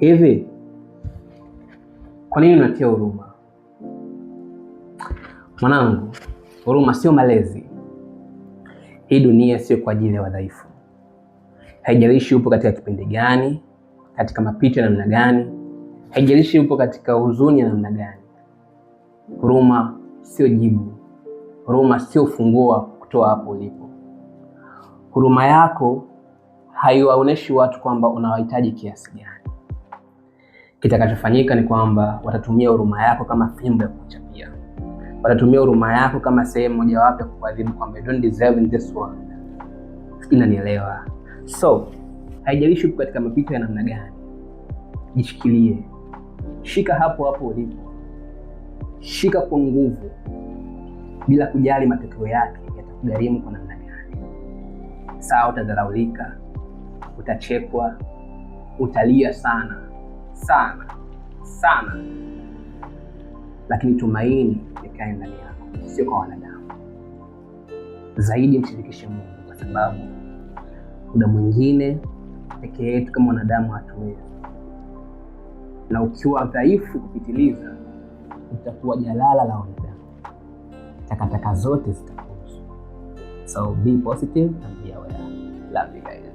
Hivi kwa nini unatia huruma? Mwanangu, huruma sio malezi. Hii dunia sio kwa ajili ya wadhaifu. Haijalishi upo katika kipindi gani, katika mapito ya namna gani, haijalishi upo katika huzuni ya namna gani. Huruma sio jibu, huruma sio funguo wa kutoa hapo ulipo. Huruma yako haiwaoneshi watu kwamba unawahitaji kiasi gani kitakachofanyika ni kwamba watatumia huruma yako kama fimbo ya kuchapia, watatumia huruma yako kama sehemu mojawapo ya kuadhibu kwamba you don't deserve in this world. Inanielewa? So haijalishi uko katika mapito ya namna gani, jishikilie, shika hapo hapo ulipo, shika kwa nguvu, bila kujali matokeo yake yatakugharimu kwa namna gani. Sawa, utadharaulika, utachekwa, utalia sana sana sana, lakini tumaini likae ndani yako, sio kwa wanadamu. Zaidi mshirikishe Mungu, kwa sababu muda mwingine peke yetu kama wanadamu hatuwezi, na ukiwa dhaifu kupitiliza utakuwa jalala la wanadamu, takataka zote zitakuhusu. So be positive and be aware. Love you guys.